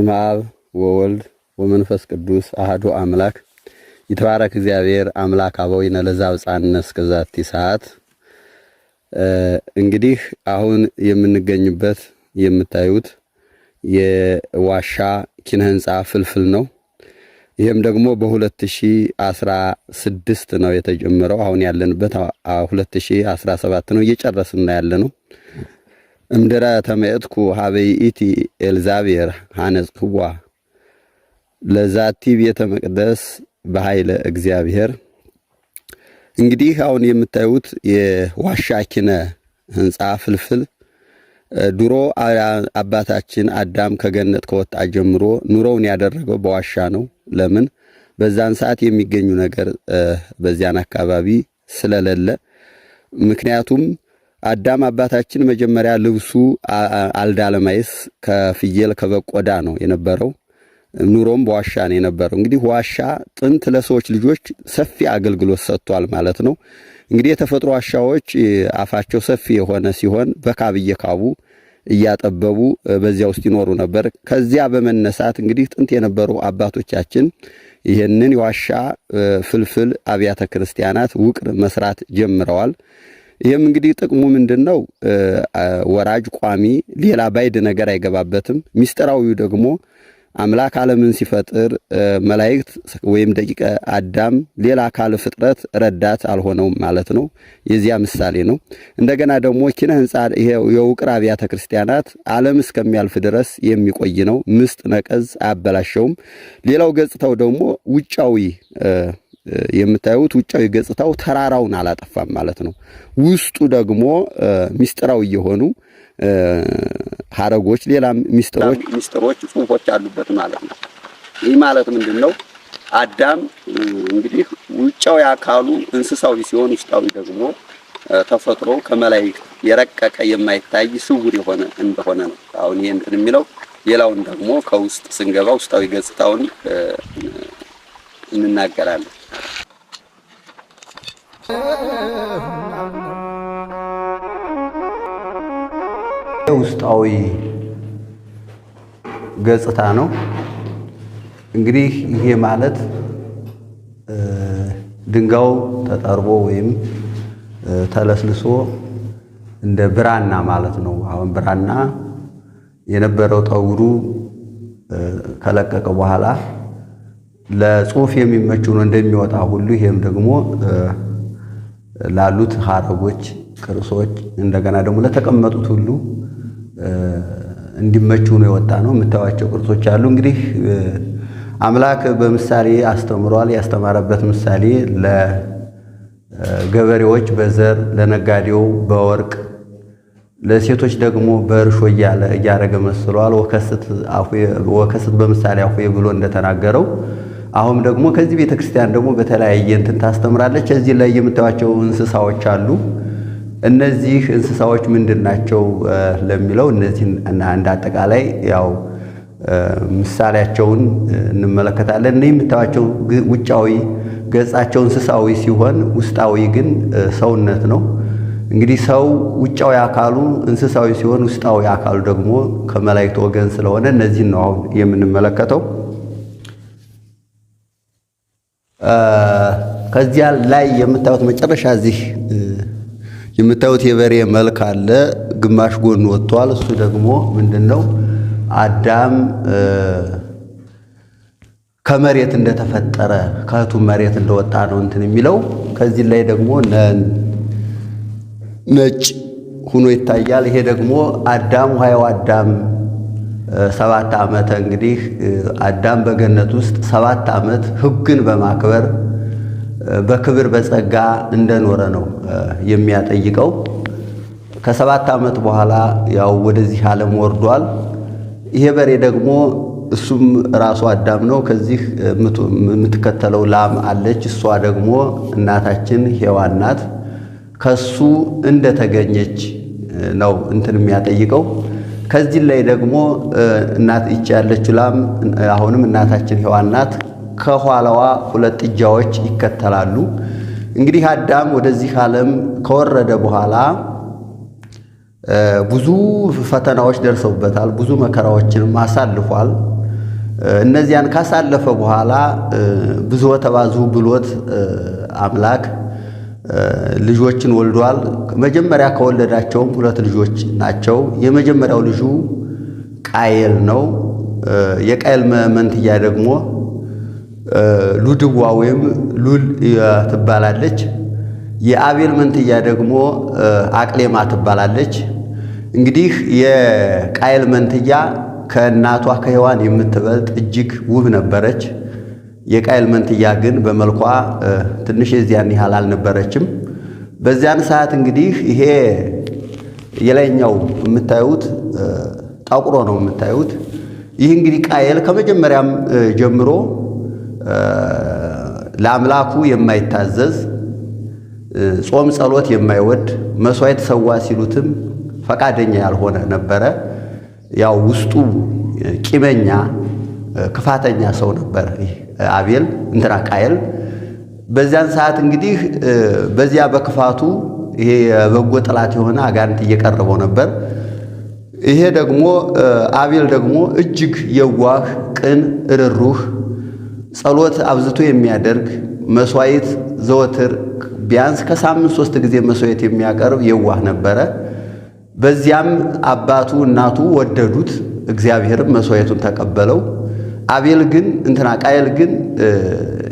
በስመ አብ ወወልድ ወመንፈስ ቅዱስ አህዶ አምላክ ይትባረክ እግዚአብሔር አምላክ አበዊነ ለዘአብጽሐነ እስከዛቲ ሰዓት። እንግዲህ አሁን የምንገኝበት የምታዩት የዋሻ ኪነ ህንፃ ፍልፍል ነው። ይህም ደግሞ በ2016 ነው የተጀመረው። አሁን ያለንበት 2017 ነው፣ እየጨረስና ያለ ነው። እምድረ ተመየጥኩ ሀበይ ኢቲ ኤልዛቤር ሐነጽክዋ ለዛቲ ቤተ መቅደስ በኃይለ እግዚአብሔር። እንግዲህ አሁን የምታዩት የዋሻ ኪነ ህንፃ ፍልፍል ድሮ አባታችን አዳም ከገነት ከወጣ ጀምሮ ኑሮውን ያደረገው በዋሻ ነው። ለምን በዛን ሰዓት የሚገኙ ነገር በዚያን አካባቢ ስለሌለ ምክንያቱም አዳም አባታችን መጀመሪያ ልብሱ አልዳለማይስ ከፍየል ከበቆዳ ነው የነበረው። ኑሮም በዋሻ ነው የነበረው። እንግዲህ ዋሻ ጥንት ለሰዎች ልጆች ሰፊ አገልግሎት ሰጥቷል ማለት ነው። እንግዲህ የተፈጥሮ ዋሻዎች አፋቸው ሰፊ የሆነ ሲሆን በካብ እየካቡ እያጠበቡ በዚያ ውስጥ ይኖሩ ነበር። ከዚያ በመነሳት እንግዲህ ጥንት የነበሩ አባቶቻችን ይህንን የዋሻ ፍልፍል አብያተ ክርስቲያናት ውቅር መስራት ጀምረዋል። ይህም እንግዲህ ጥቅሙ ምንድን ነው? ወራጅ ቋሚ፣ ሌላ ባይድ ነገር አይገባበትም። ሚስጥራዊው ደግሞ አምላክ ዓለምን ሲፈጥር መላእክት ወይም ደቂቀ አዳም ሌላ አካል ፍጥረት ረዳት አልሆነውም ማለት ነው። የዚያ ምሳሌ ነው። እንደገና ደግሞ ኪነ ህንፃ የውቅር አብያተ ክርስቲያናት ዓለም እስከሚያልፍ ድረስ የሚቆይ ነው። ምስጥ ነቀዝ አያበላሸውም። ሌላው ገጽታው ደግሞ ውጫዊ የምታዩት ውጫዊ ገጽታው ተራራውን አላጠፋም ማለት ነው። ውስጡ ደግሞ ሚስጥራዊ የሆኑ ሀረጎች፣ ሌላ ሚስጥሮች ሚስጥሮች፣ ጽሁፎች አሉበት ማለት ነው። ይህ ማለት ምንድን ነው? አዳም እንግዲህ ውጫዊ አካሉ እንስሳዊ ሲሆን ውስጣዊ ደግሞ ተፈጥሮ ከመላይ የረቀቀ የማይታይ ስውር የሆነ እንደሆነ ነው። አሁን ይሄ እንትን የሚለው ሌላውን ደግሞ ከውስጥ ስንገባ ውስጣዊ ገጽታውን እንናገራለን። ውስጣዊ ገጽታ ነው። እንግዲህ ይሄ ማለት ድንጋዩ ተጠርቦ ወይም ተለስልሶ እንደ ብራና ማለት ነው። አሁን ብራና የነበረው ጠጉሩ ከለቀቀ በኋላ ለጽሁፍ የሚመች ሆኖ እንደሚወጣ ሁሉ ይሄም ደግሞ ላሉት ሀረጎች፣ ቅርሶች እንደገና ደግሞ ለተቀመጡት ሁሉ እንዲመች ሆኖ የወጣ ነው። የምታዩቸው ቅርሶች አሉ። እንግዲህ አምላክ በምሳሌ አስተምሯል። ያስተማረበት ምሳሌ ለገበሬዎች በዘር ለነጋዴው በወርቅ ለሴቶች ደግሞ በእርሾ እያለ እያረገ መስሏል። ወከስት በምሳሌ አፉ ብሎ እንደተናገረው አሁን ደግሞ ከዚህ ቤተ ክርስቲያን ደግሞ በተለያየ እንትን ታስተምራለች። እዚህ ላይ የምታዩቸው እንስሳዎች አሉ። እነዚህ እንስሳዎች ምንድን ናቸው ለሚለው እነዚህ እንደ አጠቃላይ ያው ምሳሌያቸውን እንመለከታለን። እነ የምታዩቸው ውጫዊ ገጻቸው እንስሳዊ ሲሆን ውስጣዊ ግን ሰውነት ነው። እንግዲህ ሰው ውጫዊ አካሉ እንስሳዊ ሲሆን ውስጣዊ አካሉ ደግሞ ከመላእክት ወገን ስለሆነ እነዚህን ነው አሁን የምንመለከተው። ከዚያ ላይ የምታዩት መጨረሻ እዚህ የምታዩት የበሬ መልክ አለ። ግማሽ ጎን ወጥቷል። እሱ ደግሞ ምንድን ነው? አዳም ከመሬት እንደተፈጠረ ከእቱ መሬት እንደወጣ ነው እንትን የሚለው። ከዚህ ላይ ደግሞ ነጭ ሁኖ ይታያል። ይሄ ደግሞ አዳም ሀያው አዳም ሰባት ዓመተ እንግዲህ አዳም በገነት ውስጥ ሰባት ዓመት ሕግን በማክበር በክብር በጸጋ እንደኖረ ነው የሚያጠይቀው። ከሰባት ዓመት በኋላ ያው ወደዚህ ዓለም ወርዷል። ይሄ በሬ ደግሞ እሱም ራሱ አዳም ነው። ከዚህ የምትከተለው ላም አለች። እሷ ደግሞ እናታችን ሔዋን ናት። ከሱ እንደተገኘች ነው እንትን የሚያጠይቀው። ከዚህ ላይ ደግሞ እናት እጅ ያለችው ላም አሁንም እናታችን ሔዋን ናት። ከኋላዋ ሁለት ጥጃዎች ይከተላሉ። እንግዲህ አዳም ወደዚህ ዓለም ከወረደ በኋላ ብዙ ፈተናዎች ደርሰውበታል። ብዙ መከራዎችንም አሳልፏል። እነዚያን ካሳለፈ በኋላ ብዙ ተባዙ ብሎት አምላክ ልጆችን ወልዷል። መጀመሪያ ከወለዳቸውም ሁለት ልጆች ናቸው። የመጀመሪያው ልጁ ቃየል ነው። የቃየል መንትያ ደግሞ ሉድዋ ወይም ሉል ትባላለች። የአቤል መንትያ ደግሞ አቅሌማ ትባላለች። እንግዲህ የቃየል መንትያ ከእናቷ ከሔዋን የምትበልጥ እጅግ ውብ ነበረች። የቃየል መንትያ ግን በመልኳ ትንሽ የዚያን ያህል አልነበረችም። በዚያን ሰዓት እንግዲህ ይሄ የላይኛው የምታዩት ጠቁሮ ነው የምታዩት። ይህ እንግዲህ ቃየል ከመጀመሪያም ጀምሮ ለአምላኩ የማይታዘዝ ጾም ጸሎት የማይወድ መስዋዕት ሰዋ ሲሉትም ፈቃደኛ ያልሆነ ነበረ። ያው ውስጡ ቂመኛ ክፋተኛ ሰው ነበር ይህ አቤል እንትና ቃየል በዚያን ሰዓት እንግዲህ በዚያ በክፋቱ ይሄ የበጎ ጠላት የሆነ አጋንንት እየቀረበው ነበር። ይሄ ደግሞ አቤል ደግሞ እጅግ የዋህ ቅን፣ ርሩህ፣ ጸሎት አብዝቶ የሚያደርግ መስዋዕት ዘወትር ቢያንስ ከሳምንት ሶስት ጊዜ መስዋዕት የሚያቀርብ የዋህ ነበረ። በዚያም አባቱ እናቱ ወደዱት፣ እግዚአብሔርም መስዋዕቱን ተቀበለው። አቤል ግን እንትና ቃየል ግን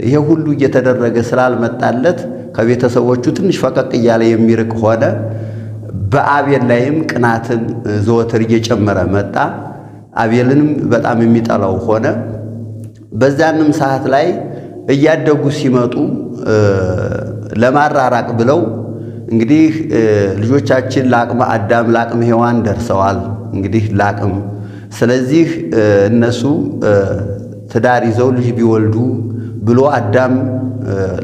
ይሄ ሁሉ እየተደረገ ስላልመጣለት ከቤተሰቦቹ ትንሽ ፈቀቅ እያለ የሚርቅ ሆነ። በአቤል ላይም ቅናትን ዘወትር እየጨመረ መጣ። አቤልንም በጣም የሚጠላው ሆነ። በዛንም ሰዓት ላይ እያደጉ ሲመጡ ለማራራቅ ብለው እንግዲህ ልጆቻችን ለአቅመ አዳም ለአቅመ ሔዋን ደርሰዋል። እንግዲህ ለአቅም ስለዚህ እነሱ ትዳር ይዘው ልጅ ቢወልዱ ብሎ አዳም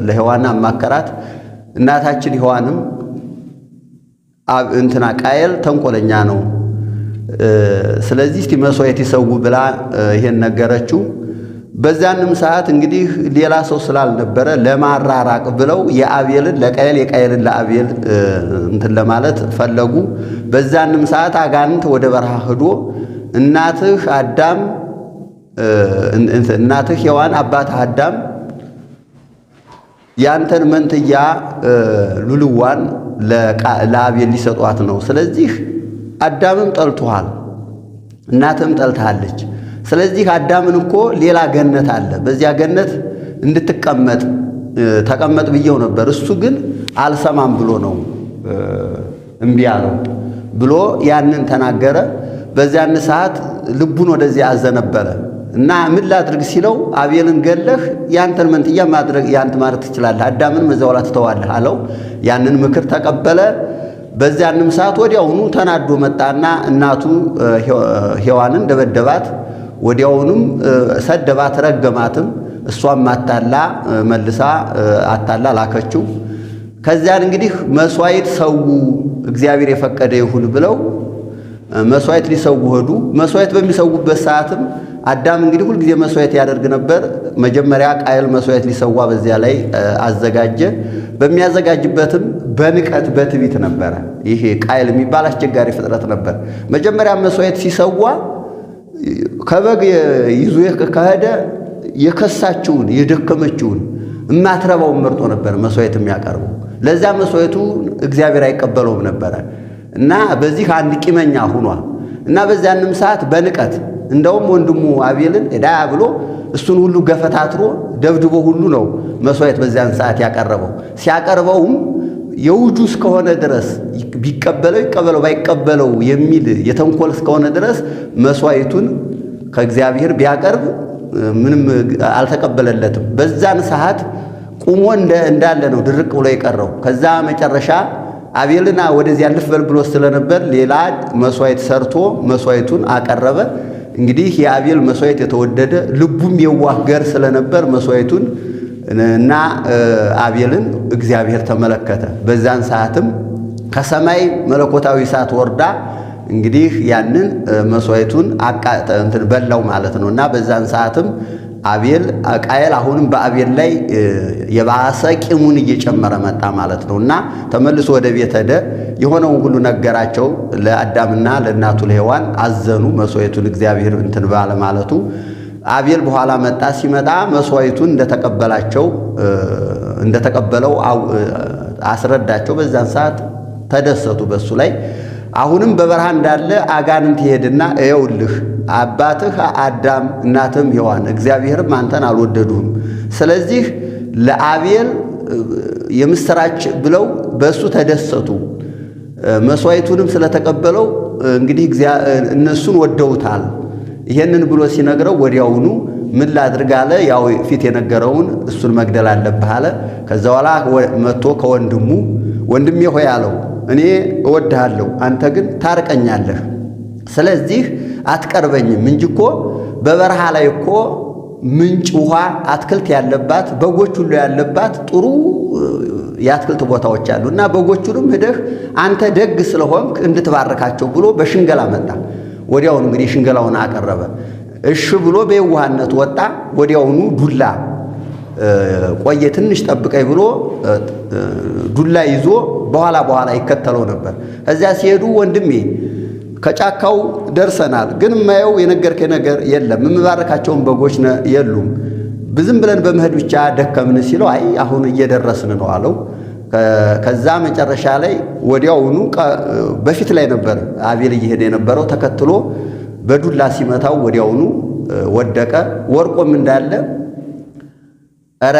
ለሔዋን አማከራት። እናታችን ሔዋንም እንትና ቃየል ተንኮለኛ ነው፣ ስለዚህ እስቲ መሥዋዕት ይሰዉ ብላ ይሄን ነገረችው። በዛንም ሰዓት እንግዲህ ሌላ ሰው ስላልነበረ ለማራራቅ ብለው የአቤልን ለቃየል የቃየልን ለአቤል እንትን ለማለት ፈለጉ። በዛንም ሰዓት አጋንንት ወደ በረሃ ሂዶ እናትህ አዳም እናትህ ሔዋን አባትህ አዳም ያንተን መንትያ ሉልዋን ለአቤል ሊሰጧት ነው። ስለዚህ አዳምም ጠልቶሃል፣ እናትም ጠልታለች። ስለዚህ አዳምን እኮ ሌላ ገነት አለ፣ በዚያ ገነት እንድትቀመጥ ተቀመጥ ብየው ነበር። እሱ ግን አልሰማም ብሎ ነው እምቢ አለው ብሎ ያንን ተናገረ። በዚያን ሰዓት ልቡን ወደዚያ አዘነበረ እና ምን ላድርግ ሲለው አቤልን ገለህ ያንተን መንትያ ማድረግ ያንተ ማድረግ ትችላለህ፣ አዳምን እዛው ትተዋለህ አለው። ያንን ምክር ተቀበለ። በዚያንም ሰዓት ወዲያውኑ ተናዶ መጣና እናቱ ሔዋንን ደበደባት። ወዲያውኑም ሰደባት፣ ረገማትም። እሷም አታላ መልሳ አታላ ላከችው። ከዚያን እንግዲህ መስዋዕት ሰው እግዚአብሔር የፈቀደ ይሁን ብለው መስዋዕት ሊሰው ሆዱ መስዋዕት በሚሰውበት ሰዓትም አዳም እንግዲህ ሁልጊዜ መስዋዕት ያደርግ ነበር። መጀመሪያ ቃየል መስዋዕት ሊሰዋ በዚያ ላይ አዘጋጀ። በሚያዘጋጅበትም በንቀት በትቢት ነበረ። ይሄ ቃየል የሚባል አስቸጋሪ ፍጥረት ነበር። መጀመሪያ መስዋዕት ሲሰዋ ከበግ ይዞ ከሄደ የከሳችውን የደከመችውን የማትረባውን መርጦ ነበር መስዋዕት የሚያቀርበው። ለዚያ መስዋዕቱ እግዚአብሔር አይቀበለውም ነበረ። እና በዚህ አንድ ቂመኛ ሁኗል። እና በዚያንም ሰዓት በንቀት እንደውም ወንድሙ አቤልን ዳ ብሎ እሱን ሁሉ ገፈታትሮ ደብድቦ ሁሉ ነው መስዋዕት በዚያን ሰዓት ያቀረበው። ሲያቀርበውም የውጁ እስከሆነ ድረስ ቢቀበለው ይቀበለው ባይቀበለው የሚል የተንኮል እስከሆነ ድረስ መስዋዕቱን ከእግዚአብሔር ቢያቀርብ ምንም አልተቀበለለትም። በዛን ሰዓት ቁሞ እንዳለ ነው ድርቅ ብሎ የቀረው። ከዛ መጨረሻ አቤልና ወደዚያ ልፍ ብሎ ስለነበር ሌላ መስዋዕት ሰርቶ መስዋዕቱን አቀረበ። እንግዲህ የአቤል መስዋዕት የተወደደ ልቡም የዋህ ገር ስለነበር መስዋዕቱን እና አቤልን እግዚአብሔር ተመለከተ። በዛን ሰዓትም ከሰማይ መለኮታዊ እሳት ወርዳ እንግዲህ ያንን መስዋዕቱን በላው ማለት ነው እና በዛን ሰዓትም አቤል ቃየል አሁንም በአቤል ላይ የባሰ ቂሙን እየጨመረ መጣ ማለት ነው። እና ተመልሶ ወደ ቤት ሄደ። የሆነውን ሁሉ ነገራቸው ለአዳምና ለእናቱ ለሔዋን አዘኑ። መስዋዕቱን እግዚአብሔር እንትን ባለ ማለቱ አቤል በኋላ መጣ። ሲመጣ መስዋዕቱን እንደተቀበላቸው እንደተቀበለው አስረዳቸው። በዛን ሰዓት ተደሰቱ በሱ ላይ አሁንም በበረሃ እንዳለ አጋንንት ይሄድና እየውልህ አባትህ አዳም እናትም ሔዋን እግዚአብሔርም አንተን አልወደዱህም። ስለዚህ ለአቤል የምስራች ብለው በእሱ ተደሰቱ። መስዋዕቱንም ስለተቀበለው እንግዲህ እነሱን ወደውታል። ይሄንን ብሎ ሲነግረው ወዲያውኑ ምን ላድርግ አለ። ያው ፊት የነገረውን እሱን መግደል አለብህ አለ። ከዛ በኋላ መጥቶ ከወንድሙ ወንድሜ ሆይ አለው እኔ እወድሃለሁ፣ አንተ ግን ታርቀኛለህ። ስለዚህ አትቀርበኝም እንጂ እኮ በበረሃ ላይ እኮ ምንጭ ውሃ፣ አትክልት ያለባት በጎች ሁሉ ያለባት ጥሩ የአትክልት ቦታዎች አሉ እና በጎቹንም ሂደህ አንተ ደግ ስለሆንክ እንድትባርካቸው ብሎ በሽንገላ መጣ። ወዲያውኑ እንግዲህ ሽንገላውን አቀረበ። እሺ ብሎ በየዋህነት ወጣ። ወዲያውኑ ዱላ ቆየ ትንሽ ጠብቀኝ ብሎ ዱላ ይዞ በኋላ በኋላ ይከተለው ነበር። እዚያ ሲሄዱ ወንድሜ ከጫካው ደርሰናል፣ ግን የማየው የነገርከኝ ነገር የለም፣ የምባረካቸውን በጎች የሉም፣ ብዝም ብለን በመሄድ ብቻ ደከምን ሲለው አይ አሁን እየደረስን ነው አለው። ከዛ መጨረሻ ላይ ወዲያውኑ በፊት ላይ ነበር አቤል እየሄደ የነበረው ተከትሎ በዱላ ሲመታው ወዲያውኑ ወደቀ። ወርቆም እንዳለ እረ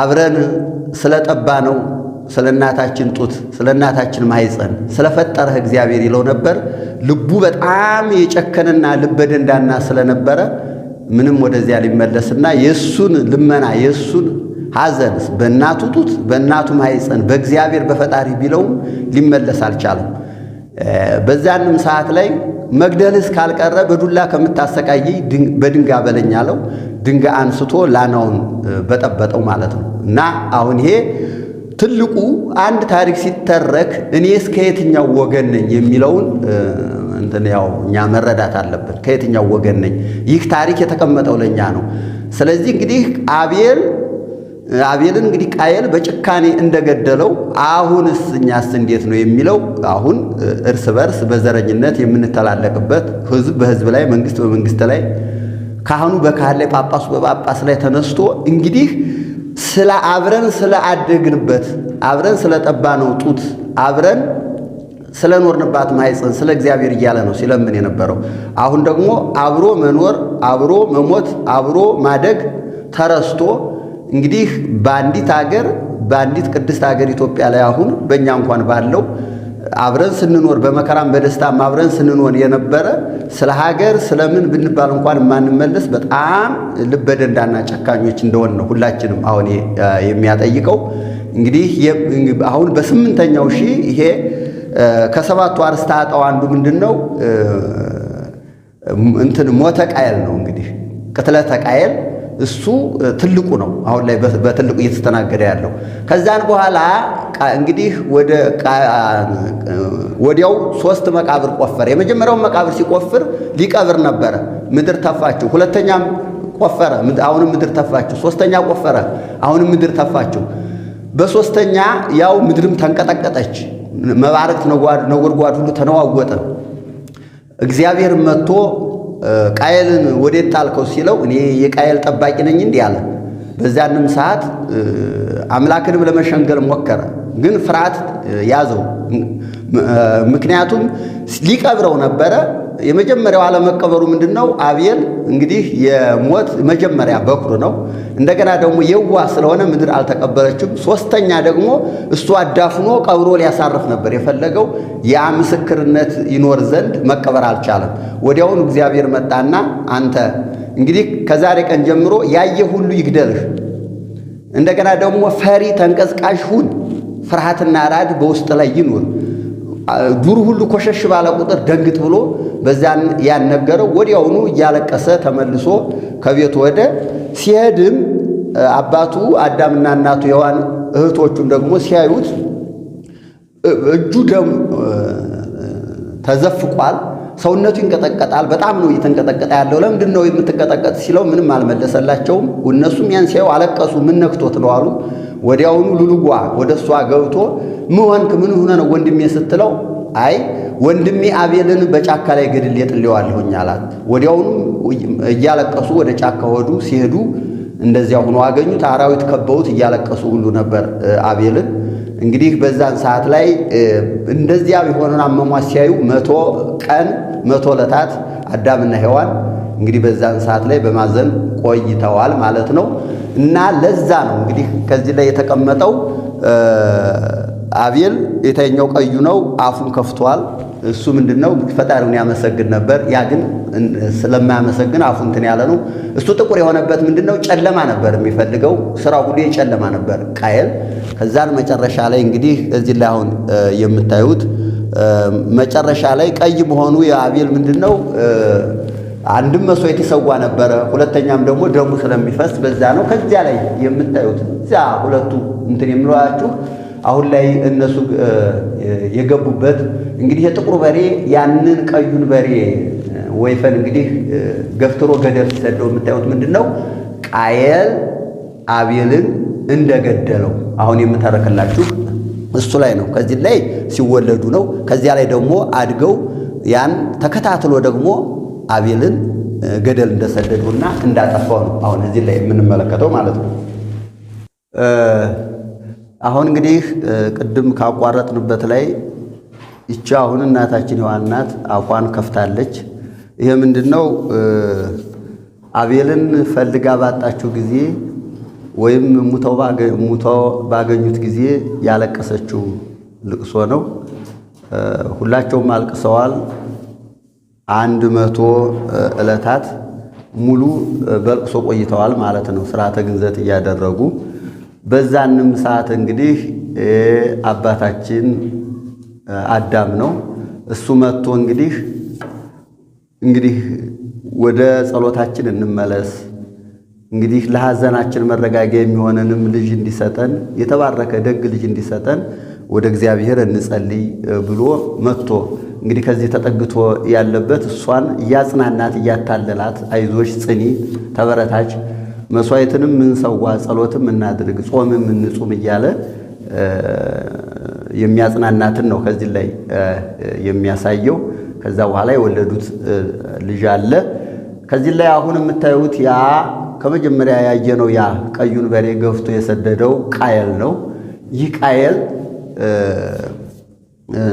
አብረን ስለጠባ ነው ስለ እናታችን ጡት ስለ እናታችን ማኅፀን ስለፈጠረህ እግዚአብሔር ይለው ነበር። ልቡ በጣም የጨከነና ልበ ደንዳና ስለነበረ ምንም ወደዚያ ሊመለስና የእሱን ልመና የእሱን ሐዘን በእናቱ ጡት በእናቱ ማኅፀን በእግዚአብሔር በፈጣሪ ቢለውም ሊመለስ አልቻለም። በዛንም ሰዓት ላይ መግደልስ ካልቀረ በዱላ ከምታሰቃይ በድንጋ በለኝ አለው። ድንጋ አንስቶ ላናውን በጠበጠው ማለት ነው። እና አሁን ይሄ ትልቁ አንድ ታሪክ ሲተረክ እኔ እስከ የትኛው ወገን ነኝ የሚለውን እንትን ያው እኛ መረዳት አለብን። ከየትኛው ወገን ነኝ? ይህ ታሪክ የተቀመጠው ለእኛ ነው። ስለዚህ እንግዲህ አቤል አቤልን እንግዲህ ቃየል በጭካኔ እንደገደለው አሁንስ እኛስ እንዴት ነው የሚለው አሁን እርስ በርስ በዘረኝነት የምንተላለቅበት ህዝብ በህዝብ ላይ፣ መንግስት በመንግስት ላይ፣ ካህኑ በካህን ላይ፣ ጳጳሱ በጳጳስ ላይ ተነስቶ እንግዲህ ስለ አብረን ስለ አደግንበት አብረን ስለ ጠባነው ጡት አብረን ስለ ኖርንባት ማይፀን ስለ እግዚአብሔር እያለ ነው ሲለምን የነበረው። አሁን ደግሞ አብሮ መኖር አብሮ መሞት አብሮ ማደግ ተረስቶ እንግዲህ በአንዲት ሀገር በአንዲት ቅድስት ሀገር ኢትዮጵያ ላይ አሁን በእኛ እንኳን ባለው አብረን ስንኖር በመከራም በደስታም አብረን ስንኖር የነበረ ስለ ሀገር ስለምን ብንባል እንኳን የማንመለስ በጣም ልበደንዳና ጨካኞች እንደሆን ነው ሁላችንም አሁን የሚያጠይቀው። እንግዲህ አሁን በስምንተኛው ሺ ይሄ ከሰባቱ አርእስተ ኃጣውእ አንዱ ምንድን ነው? እንትን ሞተ ቃየል ነው እንግዲህ ቅትለተ ቃየል እሱ ትልቁ ነው፣ አሁን ላይ በትልቁ እየተስተናገደ ያለው። ከዛን በኋላ እንግዲህ ወደ ወዲያው ሶስት መቃብር ቆፈረ። የመጀመሪያውን መቃብር ሲቆፍር ሊቀብር ነበረ፣ ምድር ተፋቸው ሁለተኛም ቆፈረ፣ አሁንም ምድር ተፋቸው ሶስተኛ ቆፈረ፣ አሁንም ምድር ተፋቸው በሶስተኛ ያው ምድርም ተንቀጠቀጠች፣ መባረክት ነጎድጓድ ሁሉ ተነዋወጠ። እግዚአብሔር መጥቶ ቃየልን ወዴት ጣልከው ሲለው እኔ የቃየል ጠባቂ ነኝ እንዲህ አለ። በዚያንም ሰዓት አምላክንም ለመሸንገል ሞከረ፣ ግን ፍርሃት ያዘው። ምክንያቱም ሊቀብረው ነበረ የመጀመሪያው አለመቀበሩ ምንድን ነው? አቤል እንግዲህ የሞት መጀመሪያ በኩር ነው። እንደገና ደግሞ የዋ ስለሆነ ምድር አልተቀበለችም። ሶስተኛ ደግሞ እሱ አዳፍኖ ቀብሮ ሊያሳርፍ ነበር የፈለገው። ያ ምስክርነት ይኖር ዘንድ መቀበር አልቻለም። ወዲያውኑ እግዚአብሔር መጣና አንተ እንግዲህ ከዛሬ ቀን ጀምሮ ያየ ሁሉ ይግደልህ። እንደገና ደግሞ ፈሪ ተንቀዝቃሽ ሁን፣ ፍርሃትና ራድ በውስጥ ላይ ይኑር ዱሩ ሁሉ ኮሸሽ ባለ ቁጥር ደንግጥ ብሎ በዛን ያነገረው ወዲያውኑ እያለቀሰ ተመልሶ ከቤቱ ወደ ሲሄድም አባቱ አዳምና እናቱ ሔዋን እህቶቹም ደግሞ ሲያዩት እጁ ደም ተዘፍቋል። ሰውነቱ ይንቀጠቀጣል። በጣም ነው እየተንቀጠቀጠ ያለው። ለምንድን ነው የምትንቀጠቀጥ ሲለው ምንም አልመለሰላቸውም። እነሱም ያን ሲያዩ አለቀሱ። ምን ነክቶት ነው አሉ። ወዲያውኑ ሉልዋ ወደ እሷ ገብቶ ምሆንክ ምን ሆነ ነው ወንድሜ ስትለው አይ ወንድሜ አቤልን በጫካ ላይ ገድል የጥሌዋለሁኝ አላት። ወዲያውኑ እያለቀሱ ወደ ጫካ ወዱ ሲሄዱ እንደዚያ ሆኖ አገኙት። አራዊት ከበውት እያለቀሱ ሁሉ ነበር አቤልን። እንግዲህ በዛን ሰዓት ላይ እንደዚያ የሆነን አመሟ ሲያዩ መቶ ቀን መቶ ለታት አዳምና ሔዋን እንግዲህ በዛን ሰዓት ላይ በማዘን ቆይተዋል ማለት ነው። እና ለዛ ነው እንግዲህ ከዚህ ላይ የተቀመጠው አቤል የተኛው ቀዩ ነው፣ አፉን ከፍቷል። እሱ ምንድን ነው ፈጣሪውን ያመሰግን ነበር። ያ ግን ስለማያመሰግን አፉ እንትን ያለ ነው። እሱ ጥቁር የሆነበት ምንድን ነው? ጨለማ ነበር የሚፈልገው፣ ስራው ሁሉ የጨለማ ነበር ቃየል። ከዛን መጨረሻ ላይ እንግዲህ እዚህ ላይ አሁን የምታዩት መጨረሻ ላይ ቀይ መሆኑ የአቤል ምንድን ነው አንድም መስዋዕት የተሰዋ ነበረ፣ ሁለተኛም ደግሞ ደሙ ስለሚፈስ በዛ ነው። ከዚያ ላይ የምታዩት እዚያ ሁለቱ እንትን የምሏችሁ አሁን ላይ እነሱ የገቡበት እንግዲህ የጥቁሩ በሬ ያንን ቀዩን በሬ ወይፈን እንግዲህ ገፍትሮ ገደል ሲሰደው የምታዩት ምንድን ነው? ቃየል አቤልን እንደገደለው አሁን የምታረክላችሁ እሱ ላይ ነው። ከዚህ ላይ ሲወለዱ ነው። ከዚያ ላይ ደግሞ አድገው ያን ተከታትሎ ደግሞ አቤልን ገደል እንደሰደዱና እንዳጠፋው ነው አሁን እዚህ ላይ የምንመለከተው ማለት ነው። አሁን እንግዲህ ቅድም ካቋረጥንበት ላይ ይቺ አሁን እናታችን ሔዋን ናት። አፏን ከፍታለች። ይሄ ምንድን ነው? አቤልን ፈልጋ ባጣችው ጊዜ ወይም ሙቶ ባገኙት ጊዜ ያለቀሰችው ልቅሶ ነው። ሁላቸውም አልቅሰዋል። አንድ መቶ ዕለታት ሙሉ በልቅሶ ቆይተዋል ማለት ነው። ስርዓተ ግንዘት እያደረጉ በዛንም ሰዓት እንግዲህ አባታችን አዳም ነው እሱ መጥቶ እንግዲህ እንግዲህ ወደ ጸሎታችን እንመለስ እንግዲህ ለሐዘናችን መረጋጊያ የሚሆነንም ልጅ እንዲሰጠን የተባረከ ደግ ልጅ እንዲሰጠን ወደ እግዚአብሔር እንጸልይ ብሎ መጥቶ እንግዲህ ከዚህ ተጠግቶ ያለበት እሷን እያጽናናት እያታለላት፣ አይዞች ጽኒ፣ ተበረታች፣ መስዋዕትንም ምንሰዋ፣ ጸሎትም እናድርግ፣ ጾምም እንጹም እያለ የሚያጽናናትን ነው ከዚህ ላይ የሚያሳየው። ከዛ በኋላ የወለዱት ልጅ አለ። ከዚህ ላይ አሁን የምታዩት ያ ከመጀመሪያ ያየነው ያ ቀዩን በሬ ገፍቶ የሰደደው ቃየል ነው። ይህ ቃየል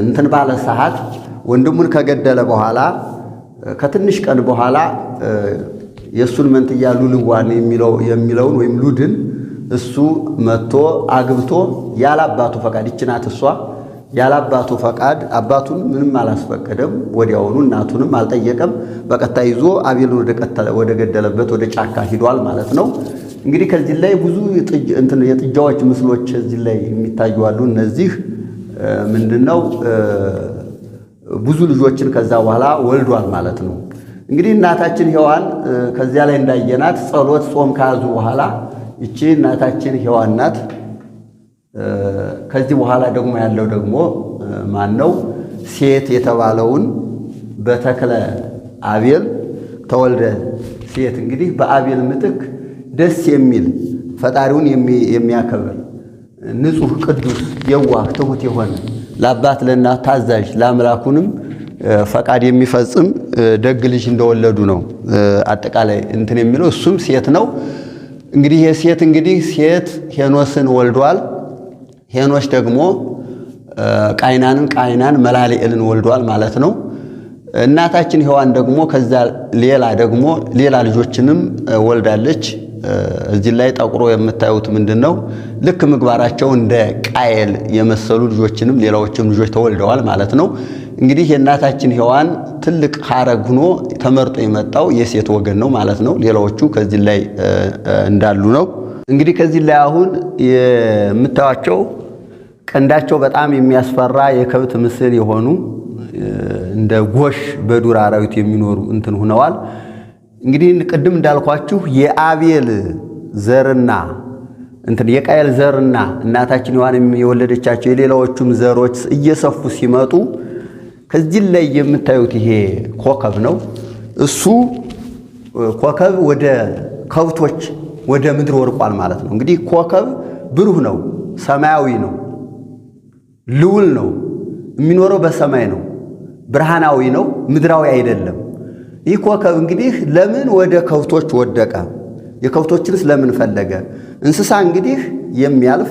እንትን ባለ ሰዓት ወንድሙን ከገደለ በኋላ ከትንሽ ቀን በኋላ የእሱን መንትያ ሉልዋን የሚለውን ወይም ሉድን እሱ መጥቶ አግብቶ ያለ አባቱ ፈቃድ ይችናት እሷ ያለ አባቱ ፈቃድ አባቱን ምንም አላስፈቀደም። ወዲያውኑ እናቱንም አልጠየቀም። በቀጥታ ይዞ አቤልን ወደ ገደለበት ወደ ጫካ ሂዷል ማለት ነው። እንግዲህ ከዚህ ላይ ብዙ የጥጃዎች ምስሎች እዚህ ላይ የሚታዩ አሉ። እነዚህ ምንድን ነው? ብዙ ልጆችን ከዛ በኋላ ወልዷል ማለት ነው። እንግዲህ እናታችን ሔዋን ከዚያ ላይ እንዳየናት ጸሎት፣ ጾም ከያዙ በኋላ ይቺ እናታችን ሔዋን ናት። ከዚህ በኋላ ደግሞ ያለው ደግሞ ማን ነው? ሴት የተባለውን በተክለ አቤል ተወልደ ሴት እንግዲህ በአቤል ምትክ ደስ የሚል ፈጣሪውን የሚያከብር ንጹሕ፣ ቅዱስ፣ የዋህ፣ ትሁት የሆነ ለአባት ለእናት ታዛዥ ለአምላኩንም ፈቃድ የሚፈጽም ደግ ልጅ እንደወለዱ ነው። አጠቃላይ እንትን የሚለው እሱም ሴት ነው። እንግዲህ የሴት እንግዲህ ሴት ሄኖስን ወልዷል። ሄኖስ ደግሞ ቃይናንን፣ ቃይናን መላሊኤልን ወልዷል ማለት ነው። እናታችን ሔዋን ደግሞ ከዛ ሌላ ደግሞ ሌላ ልጆችንም ወልዳለች። እዚህ ላይ ጠቁሮ የምታዩት ምንድን ነው? ልክ ምግባራቸው እንደ ቃየል የመሰሉ ልጆችንም ሌላዎችም ልጆች ተወልደዋል ማለት ነው። እንግዲህ የእናታችን ሔዋን ትልቅ ሀረግ ሆኖ ተመርጦ የመጣው የሴት ወገን ነው ማለት ነው። ሌላዎቹ ከዚህ ላይ እንዳሉ ነው። እንግዲህ ከዚህ ላይ አሁን የምታዩቸው ቀንዳቸው በጣም የሚያስፈራ የከብት ምስል የሆኑ እንደ ጎሽ በዱር አራዊት የሚኖሩ እንትን ሁነዋል። እንግዲህ ቅድም እንዳልኳችሁ የአቤል ዘርና እንትን የቃየል ዘርና እናታችን ሔዋንም የወለደቻቸው የሌላዎቹም ዘሮች እየሰፉ ሲመጡ ከዚህ ላይ የምታዩት ይሄ ኮከብ ነው። እሱ ኮከብ ወደ ከብቶች ወደ ምድር ወርቋል ማለት ነው። እንግዲህ ኮከብ ብሩህ ነው፣ ሰማያዊ ነው፣ ልውል ነው፣ የሚኖረው በሰማይ ነው፣ ብርሃናዊ ነው፣ ምድራዊ አይደለም። ይህ ኮከብ እንግዲህ ለምን ወደ ከብቶች ወደቀ? የከብቶችንስ ለምን ፈለገ? እንስሳ እንግዲህ የሚያልፍ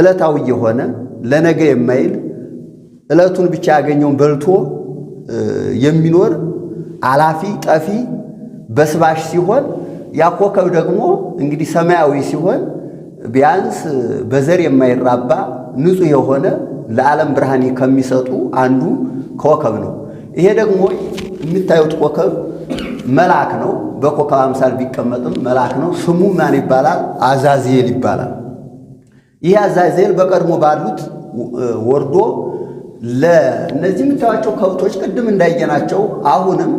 ዕለታዊ የሆነ ለነገ የማይል ዕለቱን ብቻ ያገኘውን በልቶ የሚኖር አላፊ ጠፊ በስባሽ ሲሆን ያ ኮከብ ደግሞ እንግዲህ ሰማያዊ ሲሆን ቢያንስ በዘር የማይራባ ንጹሕ የሆነ ለዓለም ብርሃን ከሚሰጡ አንዱ ኮከብ ነው። ይሄ ደግሞ የምታዩት ኮከብ መልአክ ነው። በኮከብ አምሳል ቢቀመጥም መልአክ ነው። ስሙ ማን ይባላል? አዛዚኤል ይባላል። ይህ አዛዚኤል በቀድሞ ባሉት ወርዶ ለእነዚህ የምታዩቸው ከብቶች ቅድም እንዳየናቸው አሁንም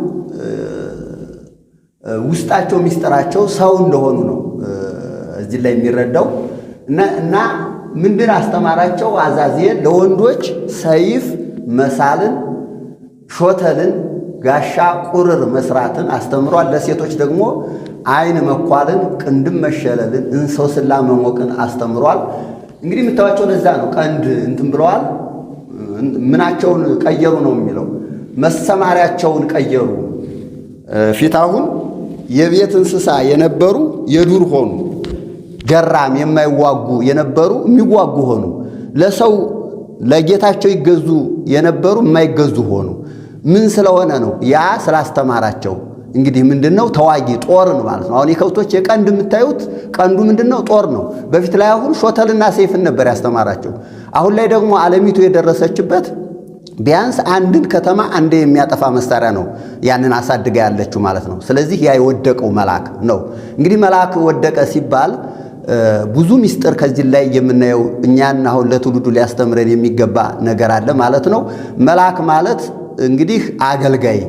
ውስጣቸው ሚስጥራቸው ሰው እንደሆኑ ነው እዚህ ላይ የሚረዳው እና ምንድን አስተማራቸው? አዛዚኤል ለወንዶች ሰይፍ መሳልን፣ ሾተልን ጋሻ ቁርር መስራትን አስተምሯል። ለሴቶች ደግሞ አይን መኳልን፣ ቅንድም መሸለልን፣ እንሰውስላ መሞቅን አስተምሯል። እንግዲህ የምታዋቸው ለዛ ነው። ቀንድ እንትን ብለዋል። ምናቸውን ቀየሩ ነው የሚለው መሰማሪያቸውን ቀየሩ። ፊት አሁን የቤት እንስሳ የነበሩ የዱር ሆኑ። ገራም የማይዋጉ የነበሩ የሚዋጉ ሆኑ። ለሰው ለጌታቸው ይገዙ የነበሩ የማይገዙ ሆኑ። ምን ስለሆነ ነው? ያ ስላስተማራቸው። እንግዲህ ምንድነው ተዋጊ ጦር ነው ማለት ነው። አሁን የከብቶች የቀንድ የምታዩት ቀንዱ ምንድነው? ጦር ነው። በፊት ላይ አሁን ሾተልና ሰይፍን ነበር ያስተማራቸው። አሁን ላይ ደግሞ ዓለሚቱ የደረሰችበት ቢያንስ አንድን ከተማ አንድ የሚያጠፋ መሳሪያ ነው ያንን አሳድጋ ያለችው ማለት ነው። ስለዚህ ያ የወደቀው መልአክ ነው። እንግዲህ መልአክ ወደቀ ሲባል ብዙ ሚስጥር ከዚህ ላይ የምናየው እኛን አሁን ለትውልዱ ሊያስተምረን የሚገባ ነገር አለ ማለት ነው። መልአክ ማለት እንግዲህ አገልጋይ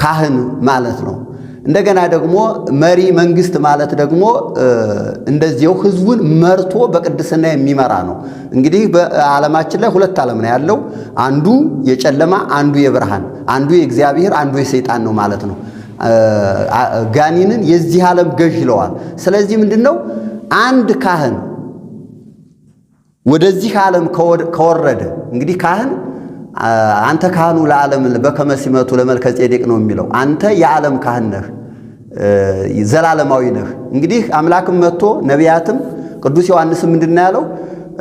ካህን ማለት ነው። እንደገና ደግሞ መሪ መንግስት ማለት ደግሞ እንደዚያው ህዝቡን መርቶ በቅድስና የሚመራ ነው። እንግዲህ በዓለማችን ላይ ሁለት ዓለም ነው ያለው፣ አንዱ የጨለማ አንዱ የብርሃን፣ አንዱ የእግዚአብሔር አንዱ የሰይጣን ነው ማለት ነው። ጋኒንን የዚህ ዓለም ገዥ ይለዋል። ስለዚህ ምንድን ነው አንድ ካህን ወደዚህ ዓለም ከወረደ እንግዲህ ካህን አንተ ካህኑ ለዓለም በከመ ሲመቱ ለመልከ ጼዴቅ ነው የሚለው። አንተ የዓለም ካህን ነህ፣ ዘላለማዊ ነህ። እንግዲህ አምላክም መጥቶ ነቢያትም ቅዱስ ዮሐንስም ምንድን ነው ያለው?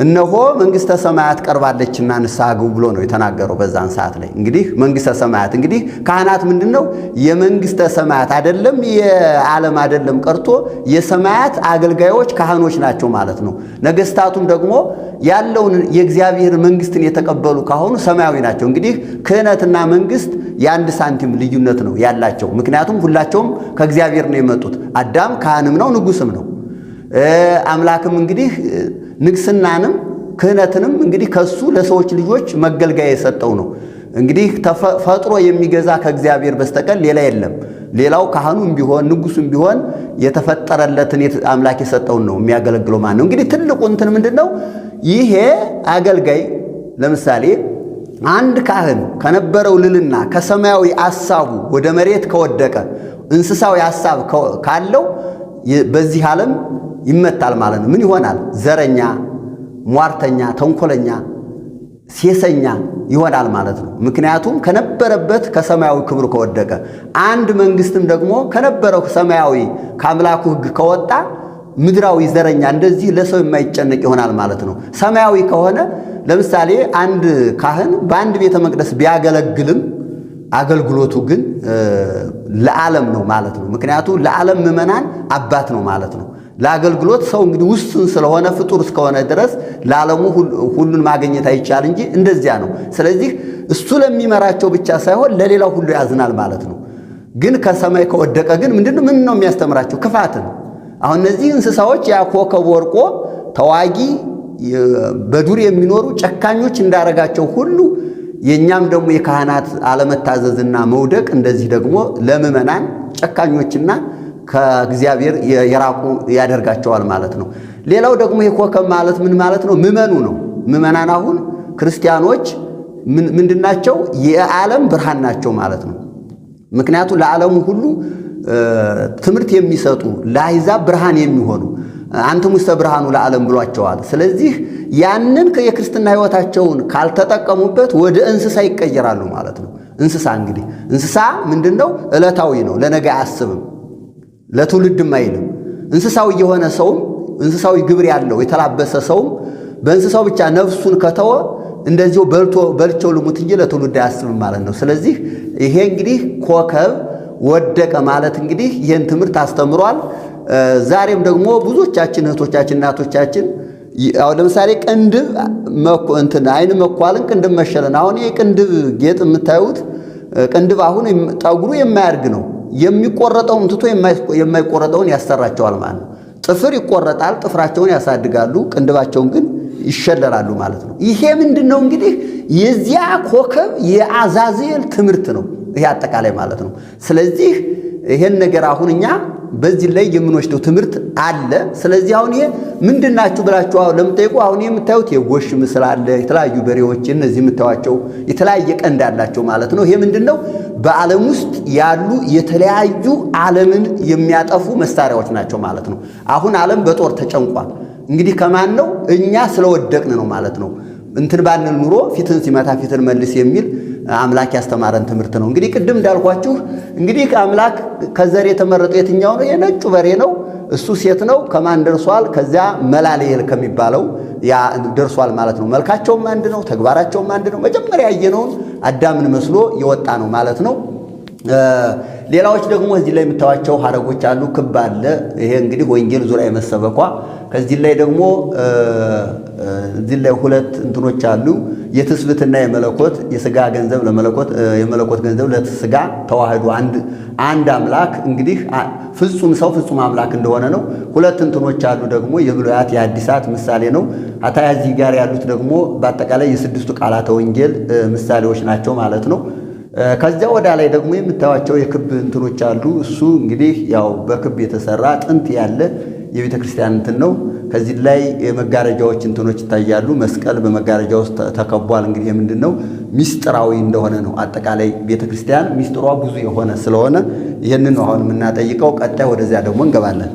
እነሆ መንግስተ ሰማያት ቀርባለችና ንስሐ ግቡ ብሎ ነው የተናገረው። በዛን ሰዓት ላይ እንግዲህ መንግሥተ ሰማያት እንግዲህ ካህናት ምንድን ነው የመንግስተ ሰማያት አይደለም የዓለም አይደለም ቀርቶ የሰማያት አገልጋዮች ካህኖች ናቸው ማለት ነው። ነገስታቱም ደግሞ ያለውን የእግዚአብሔር መንግስትን የተቀበሉ ካሆኑ ሰማያዊ ናቸው። እንግዲህ ክህነትና መንግስት የአንድ ሳንቲም ልዩነት ነው ያላቸው። ምክንያቱም ሁላቸውም ከእግዚአብሔር ነው የመጡት። አዳም ካህንም ነው ንጉስም ነው። አምላክም እንግዲህ ንግስናንም ክህነትንም እንግዲህ ከሱ ለሰዎች ልጆች መገልገያ የሰጠው ነው። እንግዲህ ፈጥሮ የሚገዛ ከእግዚአብሔር በስተቀር ሌላ የለም። ሌላው ካህኑም ቢሆን ንጉሱም ቢሆን የተፈጠረለትን አምላክ የሰጠውን ነው የሚያገለግለው ማለት ነው። እንግዲህ ትልቁ እንትን ምንድን ነው? ይሄ አገልጋይ ለምሳሌ አንድ ካህን ከነበረው ልልና ከሰማያዊ አሳቡ ወደ መሬት ከወደቀ እንስሳዊ ሀሳብ ካለው በዚህ ዓለም ይመታል ማለት ነው። ምን ይሆናል? ዘረኛ፣ ሟርተኛ፣ ተንኮለኛ፣ ሴሰኛ ይሆናል ማለት ነው። ምክንያቱም ከነበረበት ከሰማያዊ ክብር ከወደቀ፣ አንድ መንግስትም ደግሞ ከነበረው ሰማያዊ ከአምላኩ ሕግ ከወጣ ምድራዊ ዘረኛ እንደዚህ ለሰው የማይጨነቅ ይሆናል ማለት ነው። ሰማያዊ ከሆነ ለምሳሌ አንድ ካህን በአንድ ቤተ መቅደስ ቢያገለግልም አገልግሎቱ ግን ለዓለም ነው ማለት ነው። ምክንያቱም ለዓለም ምዕመናን አባት ነው ማለት ነው። ለአገልግሎት ሰው እንግዲህ ውስን ስለሆነ ፍጡር እስከሆነ ድረስ ለዓለሙ ሁሉን ማግኘት አይቻል እንጂ እንደዚያ ነው። ስለዚህ እሱ ለሚመራቸው ብቻ ሳይሆን ለሌላው ሁሉ ያዝናል ማለት ነው። ግን ከሰማይ ከወደቀ ግን ምንድነው? ምን ነው የሚያስተምራቸው? ክፋትን። አሁን እነዚህ እንስሳዎች ያ ኮከብ ወርቆ ተዋጊ በዱር የሚኖሩ ጨካኞች እንዳረጋቸው ሁሉ የእኛም ደግሞ የካህናት አለመታዘዝና መውደቅ እንደዚህ ደግሞ ለምዕመናን ጨካኞችና ከእግዚአብሔር የራቁ ያደርጋቸዋል ማለት ነው። ሌላው ደግሞ ይህ ኮከብ ማለት ምን ማለት ነው? ምመኑ ነው። ምመናን አሁን ክርስቲያኖች ምንድናቸው? የዓለም ብርሃን ናቸው ማለት ነው። ምክንያቱም ለዓለሙ ሁሉ ትምህርት የሚሰጡ ለአሕዛብ ብርሃን የሚሆኑ አንትሙ ውስተ ብርሃኑ ለዓለም ብሏቸዋል። ስለዚህ ያንን የክርስትና ሕይወታቸውን ካልተጠቀሙበት ወደ እንስሳ ይቀየራሉ ማለት ነው። እንስሳ እንግዲህ እንስሳ ምንድን ነው? ዕለታዊ ነው። ለነገ አያስብም። ለትውልድም አይልም። እንስሳዊ የሆነ ሰውም እንስሳዊ ግብር ያለው የተላበሰ ሰውም በእንስሳው ብቻ ነፍሱን ከተወ እንደዚሁ በልቶ በልቸው ልሙት እንጂ ለትውልድ አያስብም ማለት ነው። ስለዚህ ይሄ እንግዲህ ኮከብ ወደቀ ማለት እንግዲህ ይህን ትምህርት አስተምሯል። ዛሬም ደግሞ ብዙዎቻችን እህቶቻችን፣ እናቶቻችን አሁን ለምሳሌ ቅንድብ እንትን አይን መኳልን ቅንድብ መሸለን አሁን ይህ ቅንድብ ጌጥ የምታዩት ቅንድብ አሁን ጠጉሩ የማያርግ ነው። የሚቆረጠውን ትቶ የማይቆረጠውን ያሰራቸዋል ማለት ነው። ጥፍር ይቆረጣል፣ ጥፍራቸውን ያሳድጋሉ፣ ቅንድባቸውን ግን ይሸለላሉ ማለት ነው። ይሄ ምንድን ነው እንግዲህ የዚያ ኮከብ የአዛዜል ትምህርት ነው ይሄ አጠቃላይ ማለት ነው። ስለዚህ ይሄን ነገር አሁን እኛ በዚህ ላይ የምንወስደው ትምህርት አለ። ስለዚህ አሁን ይሄ ምንድናችሁ ብላችሁ ብላችሁ ለምጠይቁ አሁን የምታዩት የጎሽ ምስል አለ። የተለያዩ በሬዎች እነዚህ የምታዩቸው የተለያየ ቀንድ አላቸው ማለት ነው። ይሄ ምንድን ነው? በዓለም ውስጥ ያሉ የተለያዩ ዓለምን የሚያጠፉ መሳሪያዎች ናቸው ማለት ነው። አሁን ዓለም በጦር ተጨንቋል። እንግዲህ ከማን ነው? እኛ ስለወደቅን ነው ማለት ነው። እንትን ባንል ኑሮ ፊትን ሲመታ ፊትን መልስ የሚል አምላክ ያስተማረን ትምህርት ነው። እንግዲህ ቅድም እንዳልኳችሁ እንግዲህ አምላክ ከዘር የተመረጠው የትኛው ነው? የነጩ በሬ ነው። እሱ ሴት ነው። ከማን ደርሷል? ከዚያ መላልኤል ከሚባለው ያ ደርሷል ማለት ነው። መልካቸውም አንድ ነው፣ ተግባራቸውም አንድ ነው። መጀመሪያ ያየነውን አዳምን መስሎ የወጣ ነው ማለት ነው። ሌላዎች ደግሞ እዚህ ላይ የምታዋቸው ሀረጎች አሉ። ክብ አለ። ይሄ እንግዲህ ወንጌል ዙሪያ የመሰበኳ ከዚህ ላይ ደግሞ እዚህ ላይ ሁለት እንትኖች አሉ የትስብትና የመለኮት የስጋ ገንዘብ ለመለኮት የመለኮት ገንዘብ ለስጋ ተዋህዶ አንድ አምላክ እንግዲህ ፍጹም ሰው ፍጹም አምላክ እንደሆነ ነው። ሁለት እንትኖች አሉ ደግሞ የብሉያት የአዲሳት ምሳሌ ነው። አታያዚህ ጋር ያሉት ደግሞ በአጠቃላይ የስድስቱ ቃላተ ወንጌል ምሳሌዎች ናቸው ማለት ነው። ከዚያ ወዳ ላይ ደግሞ የምታዩቸው የክብ እንትኖች አሉ። እሱ እንግዲህ ያው በክብ የተሰራ ጥንት ያለ የቤተ ክርስቲያን እንትን ነው። ከዚህ ላይ የመጋረጃዎች እንትኖች ይታያሉ። መስቀል በመጋረጃ ውስጥ ተከቧል። እንግዲህ የምንድን ነው ሚስጥራዊ እንደሆነ ነው። አጠቃላይ ቤተ ክርስቲያን ሚስጥሯ ብዙ የሆነ ስለሆነ ይህንን ነው አሁን የምናጠይቀው። ቀጣይ ወደዚያ ደግሞ እንገባለን።